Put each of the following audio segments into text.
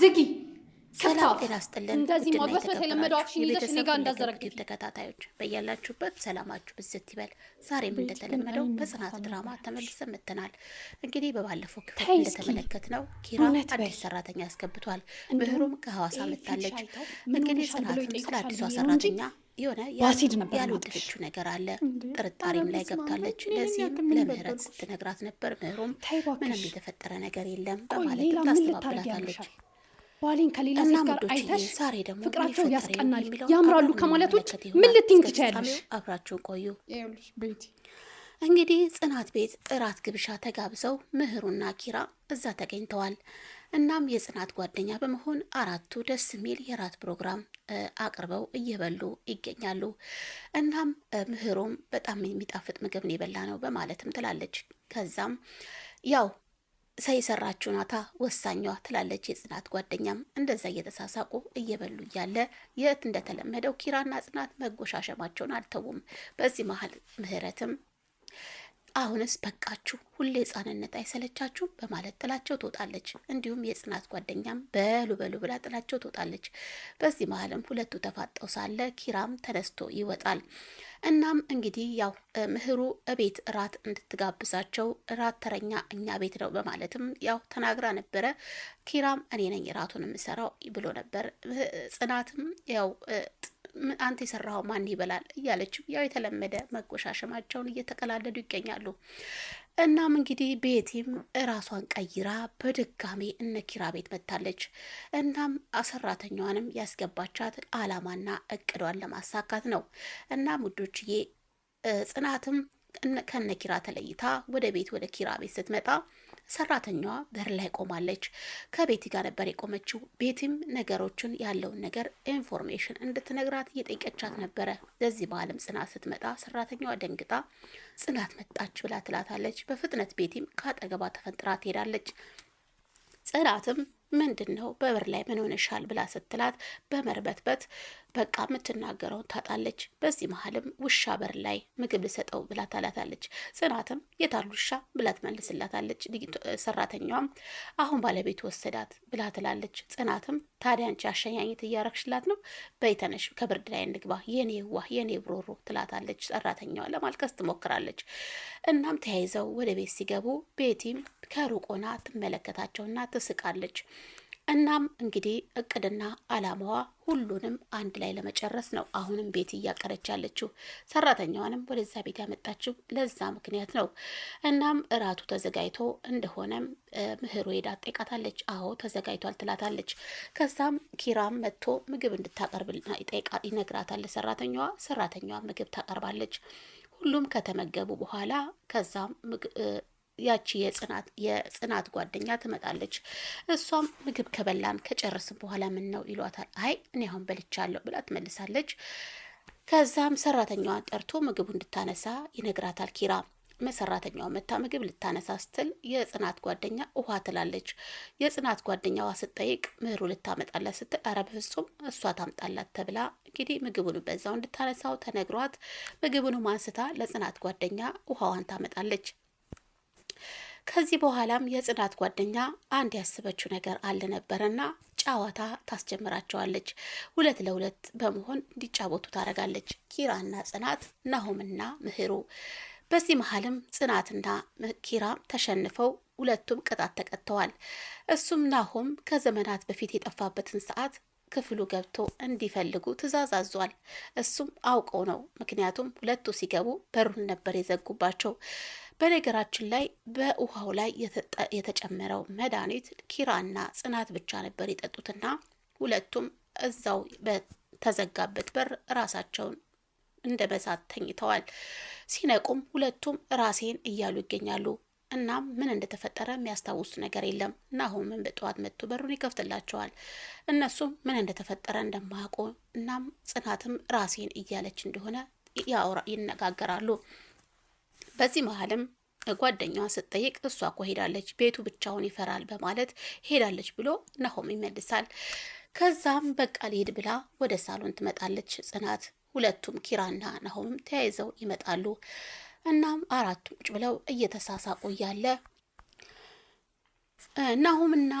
ዝጊ። ሰላም ጤና ይስጥልን። እንደዚህ ማግባት በተለመደው አክሽን ይዘሽ እኔ ጋር እንዳዘረግ ተከታታዮች በያላችሁበት ሰላማችሁ ብዝት ይበል። ዛሬም እንደተለመደው በጽናት ድራማ ተመልሰ መጥተናል። እንግዲህ በባለፈው ክፍል እንደተመለከት ነው ኪራ አዲስ ሰራተኛ ያስገብቷል። ምህሩም ከሐዋሳ መጥታለች። እንግዲህ ጽናትም ስለ አዲሷ ሰራተኛ የሆነ ያልወደደችው ነገር አለ። ጥርጣሬም ላይ ገብታለች። ለዚህም ለምህረት ስትነግራት ነበር። ምህሩም ምንም የተፈጠረ ነገር የለም በማለት ታስተባብላታለች። ባሌን ከሌላ ሴት ጋር አይተሽ ፍቅራቸው ያስቀናል፣ ያምራሉ ከማለት ውጭ ምን ልትይኝ ትችያለሽ? አብራችሁ ቆዩ። እንግዲህ ጽናት ቤት እራት ግብዣ ተጋብዘው ምህሩና ኪራ እዛ ተገኝተዋል። እናም የጽናት ጓደኛ በመሆን አራቱ ደስ የሚል የራት ፕሮግራም አቅርበው እየበሉ ይገኛሉ። እናም ምህሩም በጣም የሚጣፍጥ ምግብ ነው የበላ ነው በማለትም ትላለች። ከዛም ያው ሳይሰራችሁ ናታ ወሳኛዋ ትላለች የጽናት ጓደኛም። እንደዛ እየተሳሳቁ እየበሉ እያለ የት እንደተለመደው ኪራና ጽናት መጎሻሸማቸውን አልተውም። በዚህ መሀል ምህረትም አሁንስ በቃችሁ፣ ሁሌ ህጻንነት አይሰለቻችሁ በማለት ጥላቸው ትወጣለች። እንዲሁም የጽናት ጓደኛም በሉ በሉ ብላ ጥላቸው ትወጣለች። በዚህ መሀልም ሁለቱ ተፋጠው ሳለ ኪራም ተነስቶ ይወጣል። እናም እንግዲህ ያው ምህሩ እቤት እራት እንድትጋብዛቸው እራት ተረኛ እኛ ቤት ነው በማለትም ያው ተናግራ ነበረ። ኪራም እኔ ነኝ እራቱን የምሰራው ብሎ ነበር። ጽናትም ያው አንተ የሰራኸው ማን ይበላል እያለችው ያው የተለመደ መጎሻሸማቸውን እየተቀላለዱ ይገኛሉ። እናም እንግዲህ ቤቲም እራሷን ቀይራ በድጋሜ እነ ኪራ ቤት መታለች። እናም ሰራተኛዋንም ያስገባቻት አላማና እቅዷን ለማሳካት ነው። እናም ውዶችዬ ጽናትም ከነኪራ ተለይታ ወደ ቤት ወደ ኪራ ቤት ስትመጣ ሰራተኛዋ በር ላይ ቆማለች። ከቤቲ ጋር ነበር የቆመችው። ቤቲም ነገሮችን ያለውን ነገር ኢንፎርሜሽን እንድትነግራት እየጠየቀቻት ነበረ። ለዚህ በአለም ጽናት ስትመጣ ሰራተኛዋ ደንግጣ ጽናት መጣች ብላ ትላታለች። በፍጥነት ቤቲም ከአጠገቧ ተፈንጥራ ትሄዳለች። ጽናትም ምንድን ነው በበር ላይ ምን ሆነሻል ብላ ስትላት በመርበትበት በቃ የምትናገረውን ታጣለች። በዚህ መሀልም ውሻ በር ላይ ምግብ ልሰጠው ብላ ታላታለች። ጽናትም የታል ውሻ ብላ ትመልስላታለች። ሰራተኛዋም አሁን ባለቤት ወሰዳት ብላ ትላለች። ጽናትም ታዲያ አንቺ አሸኛኘት እያረግሽላት ነው፣ በይተነሽ ከብርድ ላይ እንግባ የኔ ዋ የኔ ብሮሮ ትላታለች። ሰራተኛዋ ለማልቀስ ትሞክራለች። እናም ተያይዘው ወደ ቤት ሲገቡ ቤቲም ከሩቆና ትመለከታቸውና ትስቃለች። እናም እንግዲህ እቅድና አላማዋ ሁሉንም አንድ ላይ ለመጨረስ ነው። አሁንም ቤት እያቀረች ያለችው ሰራተኛዋንም ወደዛ ቤት ያመጣችው ለዛ ምክንያት ነው። እናም እራቱ ተዘጋጅቶ እንደሆነም ምህሩ ሄዳ ጠይቃታለች። አዎ ተዘጋጅቷል ትላታለች። ከዛም ኪራም መጥቶ ምግብ እንድታቀርብ ይነግራታል ሰራተኛዋ። ሰራተኛዋ ምግብ ታቀርባለች። ሁሉም ከተመገቡ በኋላ ከዛም ያቺ የጽናት ጓደኛ ትመጣለች። እሷም ምግብ ከበላን ከጨረስን በኋላ ምን ነው ይሏታል። አይ እኔ አሁን በልቻለሁ ብላ ትመልሳለች። ከዛም ሰራተኛዋን ጠርቶ ምግቡ እንድታነሳ ይነግራታል ኪራ መሰራተኛው መታ ምግብ ልታነሳ ስትል የጽናት ጓደኛ ውሃ ትላለች። የጽናት ጓደኛዋ ስትጠይቅ ምህሩ ልታመጣላት ስትል አረ በፍጹም እሷ ታምጣላት ተብላ እንግዲህ ምግቡን በዛው እንድታነሳው ተነግሯት ምግቡን አንስታ ለጽናት ጓደኛ ውሃዋን ታመጣለች። ከዚህ በኋላም የጽናት ጓደኛ አንድ ያስበችው ነገር አልነበረና ጨዋታ ታስጀምራቸዋለች። ሁለት ለሁለት በመሆን እንዲጫወቱ ታደርጋለች። ኪራና ጽናት፣ ናሆምና ምህሩ። በዚህ መሀልም ጽናትና ኪራ ተሸንፈው ሁለቱም ቅጣት ተቀጥተዋል። እሱም ናሆም ከዘመናት በፊት የጠፋበትን ሰዓት ክፍሉ ገብቶ እንዲፈልጉ ትዕዛዝ አዟል። እሱም አውቀው ነው፣ ምክንያቱም ሁለቱ ሲገቡ በሩን ነበር የዘጉባቸው። በነገራችን ላይ በውሃው ላይ የተጨመረው መድኃኒት ኪራና ጽናት ብቻ ነበር የጠጡትና ሁለቱም እዛው በተዘጋበት በር ራሳቸውን እንደ በሳት ተኝተዋል። ሲነቁም ሁለቱም ራሴን እያሉ ይገኛሉ። እናም ምን እንደተፈጠረ የሚያስታውሱ ነገር የለም። ናሆምን በጠዋት መጥቶ በሩን ይከፍትላቸዋል። እነሱም ምን እንደተፈጠረ እንደማያውቁ እናም ጽናትም ራሴን እያለች እንደሆነ ይነጋገራሉ። በዚህ መሀልም ጓደኛዋ ስትጠይቅ እሷ እኮ ሄዳለች፣ ቤቱ ብቻውን ይፈራል በማለት ሄዳለች ብሎ ናሆም ይመልሳል። ከዛም በቃ ልሄድ ብላ ወደ ሳሎን ትመጣለች ጽናት። ሁለቱም ኪራና ናሆምም ተያይዘው ይመጣሉ። እናም አራቱ ቁጭ ብለው እየተሳሳቁ እያለ ናሆምና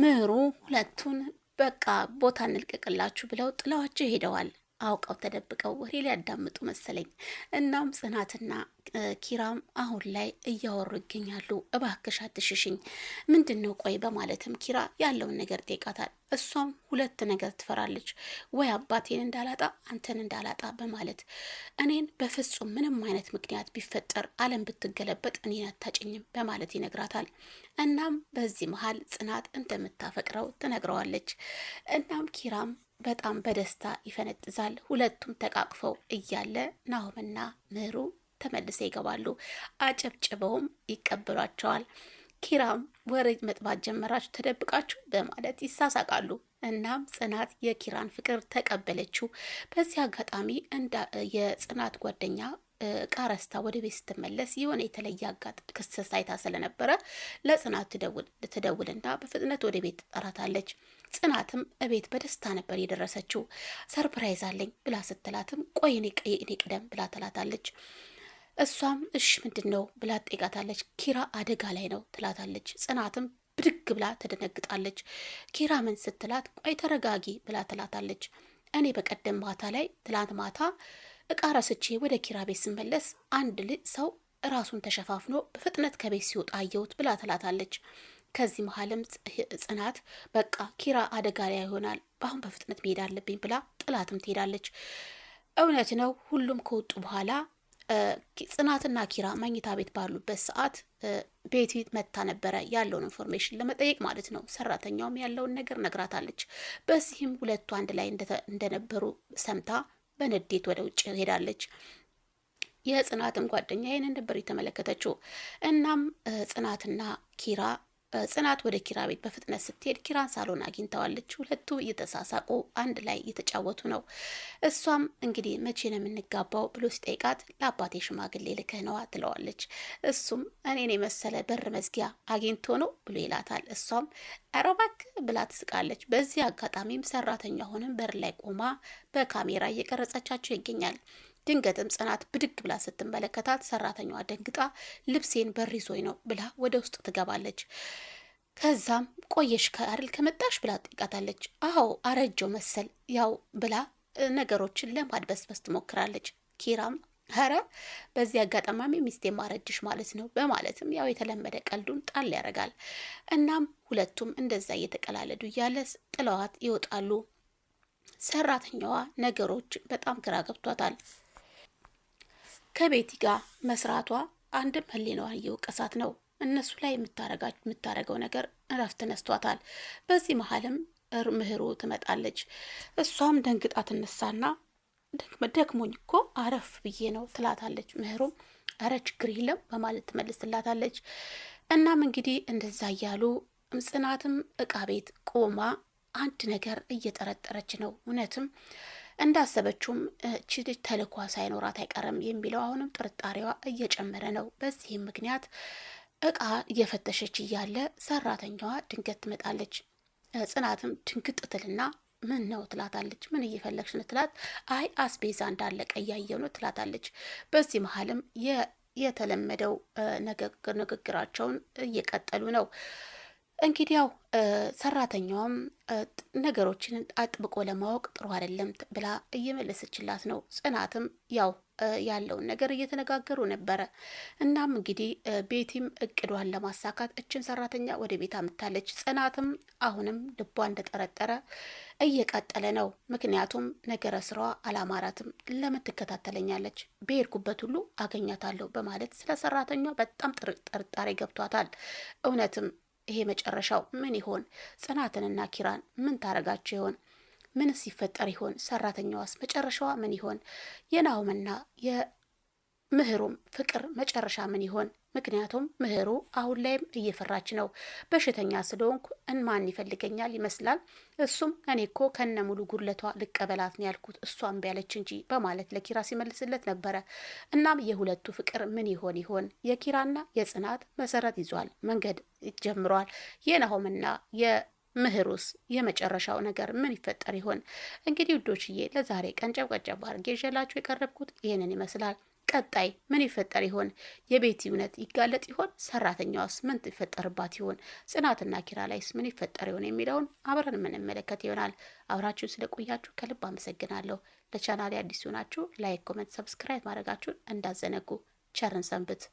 ምህሩ ሁለቱን በቃ ቦታ እንልቀቅላችሁ ብለው ጥለዋቸው ሄደዋል። አውቀው ተደብቀው ወሬ ሊያዳምጡ መሰለኝ። እናም ጽናትና ኪራም አሁን ላይ እያወሩ ይገኛሉ። እባክሽ አትሽሽኝ፣ ምንድን ነው ቆይ በማለትም ኪራ ያለውን ነገር ጠይቃታል። እሷም ሁለት ነገር ትፈራለች፣ ወይ አባቴን እንዳላጣ፣ አንተን እንዳላጣ በማለት እኔን በፍጹም ምንም አይነት ምክንያት ቢፈጠር ዓለም ብትገለበጥ እኔን አታጭኝም በማለት ይነግራታል። እናም በዚህ መሀል ጽናት እንደምታፈቅረው ትነግረዋለች። እናም ኪራም በጣም በደስታ ይፈነጥዛል። ሁለቱም ተቃቅፈው እያለ ናሆምና ምህሩ ተመልሰው ይገባሉ። አጨብጭበውም ይቀበሏቸዋል። ኪራም ወሬ መጥባት ጀመራችሁ ተደብቃችሁ በማለት ይሳሳቃሉ። እናም ጽናት የኪራን ፍቅር ተቀበለችው። በዚህ አጋጣሚ እንዳ የጽናት ጓደኛ ቃረስታ ወደ ቤት ስትመለስ የሆነ የተለየ አጋጥ ክስተት አይታ ስለነበረ ለጽናት ትደውልና በፍጥነት ወደ ቤት ትጠራታለች። ጽናትም እቤት በደስታ ነበር የደረሰችው። ሰርፕራይዝ አለኝ ብላ ስትላትም ቆይ እኔ ቅደም ብላ ትላታለች። እሷም እሽ ምንድን ነው ብላ ትጠይቃታለች። ኪራ አደጋ ላይ ነው ትላታለች። ጽናትም ብድግ ብላ ትደነግጣለች። ኪራ ምን ስትላት ቆይ ተረጋጊ ብላ ትላታለች። እኔ በቀደም ማታ ላይ ትላንት ማታ እቃ ረስቼ ወደ ኪራ ቤት ስመለስ አንድ ልጅ ሰው ራሱን ተሸፋፍኖ በፍጥነት ከቤት ሲወጣ አየሁት ብላ ትላታለች። ከዚህ መሀልም ጽናት በቃ ኪራ አደጋ ላይ ይሆናል፣ በአሁን በፍጥነት መሄድ አለብኝ ብላ ጥላትም ትሄዳለች። እውነት ነው። ሁሉም ከወጡ በኋላ ጽናትና ኪራ መኝታ ቤት ባሉበት ሰዓት ቤቲ መታ ነበረ ያለውን ኢንፎርሜሽን ለመጠየቅ ማለት ነው። ሰራተኛውም ያለውን ነገር ነግራታለች። በዚህም ሁለቱ አንድ ላይ እንደነበሩ ሰምታ በንዴት ወደ ውጭ ሄዳለች። የጽናትም ጓደኛ ይህንን ነበር የተመለከተችው። እናም ጽናትና ኪራ ጽናት ወደ ኪራ ቤት በፍጥነት ስትሄድ ኪራን ሳሎን አግኝተዋለች። ሁለቱ እየተሳሳቁ አንድ ላይ እየተጫወቱ ነው። እሷም እንግዲህ መቼ ነው የምንጋባው ብሎ ሲጠይቃት ለአባቴ ሽማግሌ ልክህ ነዋ ትለዋለች። እሱም እኔን የመሰለ በር መዝጊያ አግኝቶ ነው ብሎ ይላታል። እሷም ኧረ እባክህ ብላ ትስቃለች። በዚህ አጋጣሚም ሰራተኛ ሆንም በር ላይ ቆማ በካሜራ እየቀረጸቻቸው ይገኛል። ድንገትም ጽናት ብድግ ብላ ስትመለከታት ሰራተኛዋ ደንግጣ ልብሴን በር ይዞኝ ነው ብላ ወደ ውስጥ ትገባለች። ከዛም ቆየሽ ከአርል ከመጣሽ ብላ ትጠይቃታለች። አዎ አረጀው መሰል ያው ብላ ነገሮችን ለማድበስበስ ትሞክራለች። ኪራም ኧረ በዚህ አጋጣሚ ሚስቴ ማረጅሽ ማለት ነው በማለትም ያው የተለመደ ቀልዱን ጣል ያደርጋል። እናም ሁለቱም እንደዛ እየተቀላለዱ እያለ ጥለዋት ይወጣሉ። ሰራተኛዋ ነገሮች በጣም ግራ ገብቷታል። ከቤቲ ጋር መስራቷ አንድም ህሊናዋን እየወቀሳት ነው። እነሱ ላይ የምታረገው ነገር እረፍት ነስቷታል። በዚህ መሀልም ምህሩ ትመጣለች። እሷም ደንግጣ ትነሳና ደክሞኝ እኮ አረፍ ብዬ ነው ትላታለች። ምህሩም እረ ችግር የለም በማለት ትመልስላታለች። እናም እንግዲህ እንደዛ እያሉ ጽናትም እቃ ቤት ቆማ አንድ ነገር እየጠረጠረች ነው እውነትም እንዳሰበችውም እቺ ልጅ ተልኳ ሳይኖራት አይቀርም የሚለው አሁንም ጥርጣሬዋ እየጨመረ ነው። በዚህም ምክንያት እቃ እየፈተሸች እያለ ሰራተኛዋ ድንገት ትመጣለች። ጽናትም ድንግጥ ትልና ምን ነው ትላታለች። ምን እየፈለግሽ ነው ትላት። አይ አስቤዛ እንዳለቀ እያየሁ ነው ትላታለች። በዚህ መሀልም የተለመደው ንግግራቸውን እየቀጠሉ ነው። እንግዲያው ሰራተኛዋም ነገሮችን አጥብቆ ለማወቅ ጥሩ አይደለም ብላ እየመለሰችላት ነው። ጽናትም ያው ያለውን ነገር እየተነጋገሩ ነበረ። እናም እንግዲህ ቤቲም እቅዷን ለማሳካት እችን ሰራተኛ ወደ ቤት አምታለች። ጽናትም አሁንም ልቧ እንደጠረጠረ እየቀጠለ ነው። ምክንያቱም ነገረ ስራዋ አላማራትም። ለምን ትከታተለኛለች? በሄድኩበት ሁሉ አገኛታለሁ በማለት ስለ ሰራተኛ በጣም ጥርጣሬ ገብቷታል። እውነትም ይሄ መጨረሻው ምን ይሆን? ጽናትንና ኪራን ምን ታረጋቸው ይሆን? ምንስ ይፈጠር ይሆን? ሰራተኛዋስ መጨረሻዋ ምን ይሆን? የናውምና የምህሩም ፍቅር መጨረሻ ምን ይሆን? ምክንያቱም ምህሩ አሁን ላይም እየፈራች ነው። በሽተኛ ስለሆንኩ እንማን ይፈልገኛል ይመስላል። እሱም እኔ እኮ ከነ ሙሉ ጉድለቷ ልቀበላት ነው ያልኩት እሷን ቢያለች እንጂ በማለት ለኪራ ሲመልስለት ነበረ። እናም የሁለቱ ፍቅር ምን ይሆን ይሆን? የኪራና የጽናት መሰረት ይዟል፣ መንገድ ጀምሯል። የናሆምና ምህሩስ የመጨረሻው ነገር ምን ይፈጠር ይሆን? እንግዲህ ውዶችዬ ለዛሬ ቀንጨብ ቀንጨብ አድርጌ ይዤላችሁ የቀረብኩት ይህንን ይመስላል። ቀጣይ ምን ይፈጠር ይሆን? የቤቲ እውነት ይጋለጥ ይሆን? ሰራተኛዋስ ምን ይፈጠርባት ይሆን? ጽናትና ኪራ ላይስ ምን ይፈጠር ይሆን የሚለውን አብረን የምንመለከት ይሆናል። አብራችሁን ስለቆያችሁ ከልብ አመሰግናለሁ። ለቻናል አዲስ ሲሆናችሁ ላይክ፣ ኮመንት፣ ሰብስክራይብ ማድረጋችሁን እንዳዘነጉ ቸርን ሰንብት።